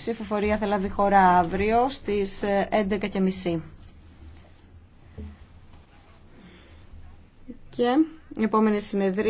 ψηφοφορία θα λάβει χώρα αύριο στις 11.30. Ε, και η επόμενη συνεδρία.